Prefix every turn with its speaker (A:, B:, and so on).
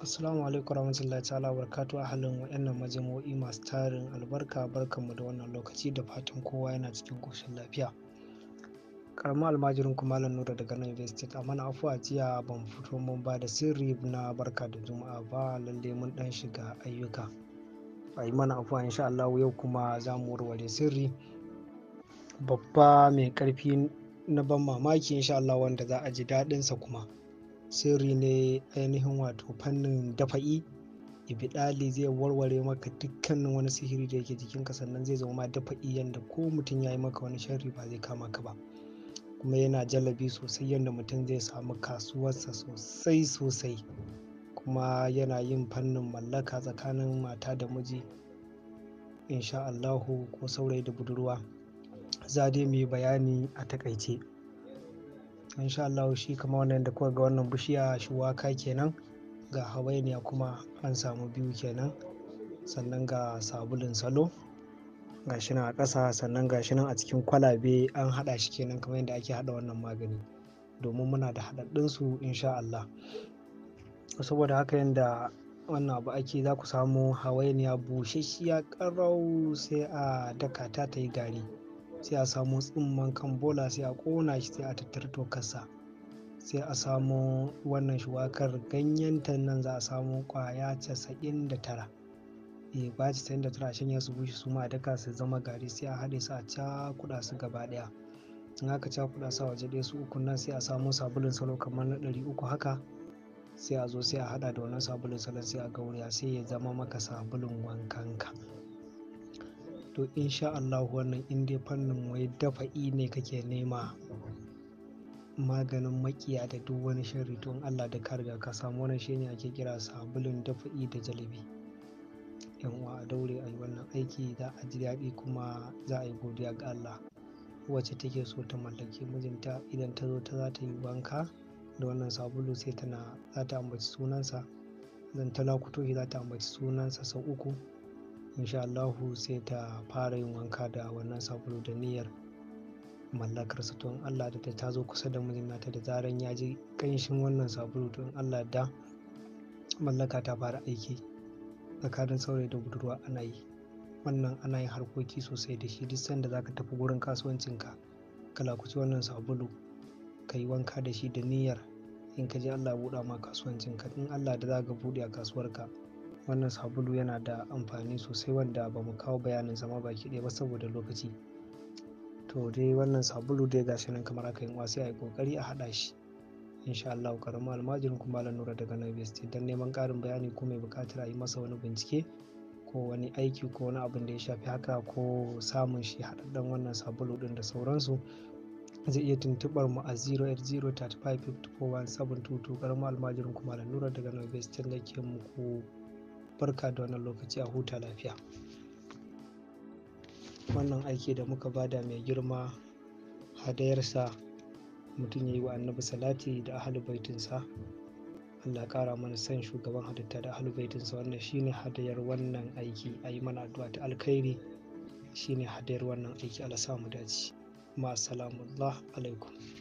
A: Assalamu alaikum warahmatullahi ta'ala barkatu a halin waɗannan majami'o'i masu tarin albarka barkanmu da wannan lokaci da fatan kowa yana cikin koshin lafiya. Karamin almajirin kuma Malam Nura daga nan University a mana afuwa jiya ban fito mun ba da sirri na barka da juma'a ba lalle mun dan shiga ayyuka. A yi mana afuwa insha Allah yau kuma za mu warware sirri babba mai ƙarfi na ban mamaki insha Allah wanda za a ji daɗinsa kuma. sirri ne ainihin wato fannin dafa'i ibidali zai warware maka dukkanin wani sihiri da yake jikinka sannan zai zama ma dafa'i yadda ko mutum ya yi maka wani sharri ba zai kama ka ba kuma yana jalabi sosai yadda mutum zai samu kasuwarsa sosai sosai kuma yana yin fannin mallaka tsakanin mata da miji insha Allahu ko saurayi da budurwa za mai bayani a takaice to insha Allah shi kama wannan da kuka ga wannan bishiya shuwaka kenan ga hawainiya kuma an samu biyu kenan sannan ga sabulin salo ga shi nan a ƙasa sannan ga shi nan a cikin kwalabe an haɗa shi kenan kamar yadda ake haɗa wannan magani domin muna da su insha Allah saboda haka yadda wannan abu ake za ku samu hawainiya ya ƙarau sai a daka ta ta yi gari sai a samo tsimman kan bola sai a kona shi sai a tattar tokarsa sai a samo wannan shuwakar ganyen ta nan za a samo ƙwaya casa'in da tara e eh, ba casa'in da tara a shanya su bushe su ma daka su zama gari sai a haɗe su a cakuɗa su gaba ɗaya in aka cakuɗa su a waje ɗaya su uku nan sai a samo sabulun salo kamar na ɗari uku haka sai a zo sai a haɗa da wannan sabulun salo sai a gauraya sai ya zama maka sabulun wankanka to insha Allah wannan in dai fannin wai dafa'i ne kake nema maganin makiya da duk wani shari to Allah da karga ka samu shi ne ake kira sabulun dafa'i da jalibi yan uwa a daure a yi wannan aiki za a ji daɗi kuma za a yi godiya ga Allah wacce take so ta mallaki mijinta idan ta zo ta za ta yi wanka da wannan sabulu sai tana za ta ambaci sunansa zan lakuto shi za ta ambaci sunansa sau uku insha sai ta fara yin wanka da wannan sabulu da niyyar mallakar su don Allah da ta zo kusa da mijinta da zaran ya ji kanshin wannan sabulu don Allah da mallaka ta fara aiki tsakanin saurayi da budurwa ana yi wannan ana yin harkoki sosai da shi duk sanda zaka tafi wurin kasuwancinka ka lakuci wannan sabulu ka yi wanka da shi da niyyar in ka ji Allah buɗa ma kasuwancinka in Allah da za ka buɗe a kasuwarka wannan sabulu yana da amfani sosai wanda ba mu kawo bayanin zama baki ɗaya ba saboda lokaci to dai wannan sabulu dai gashi nan kamar aka yi sai a yi ƙoƙari a haɗa shi insha Allah karamu almajirin kuma Malam Nura daga Nabi State don neman ƙarin bayani ko mai buƙatar a yi masa wani bincike ko wani aiki ko wani abin da ya shafi haka ko samun shi haɗaɗɗen wannan sabulu ɗin da sauransu zai iya tuntuɓar mu a 08035541722 karamin almajirin kuma Malam Nura daga Nabi State nake muku barka da wannan lokaci a huta lafiya wannan aiki da muka bada mai girma hadayarsa mutum ya yi wa annabi salati da ahalu baitinsa allah kara mana san shugaban halitta da ahalu baitinsa wannan shine hadayar wannan aiki a yi mana addu'a ta alkhairi shine hadayar wannan aiki ala samu dace ma alaikum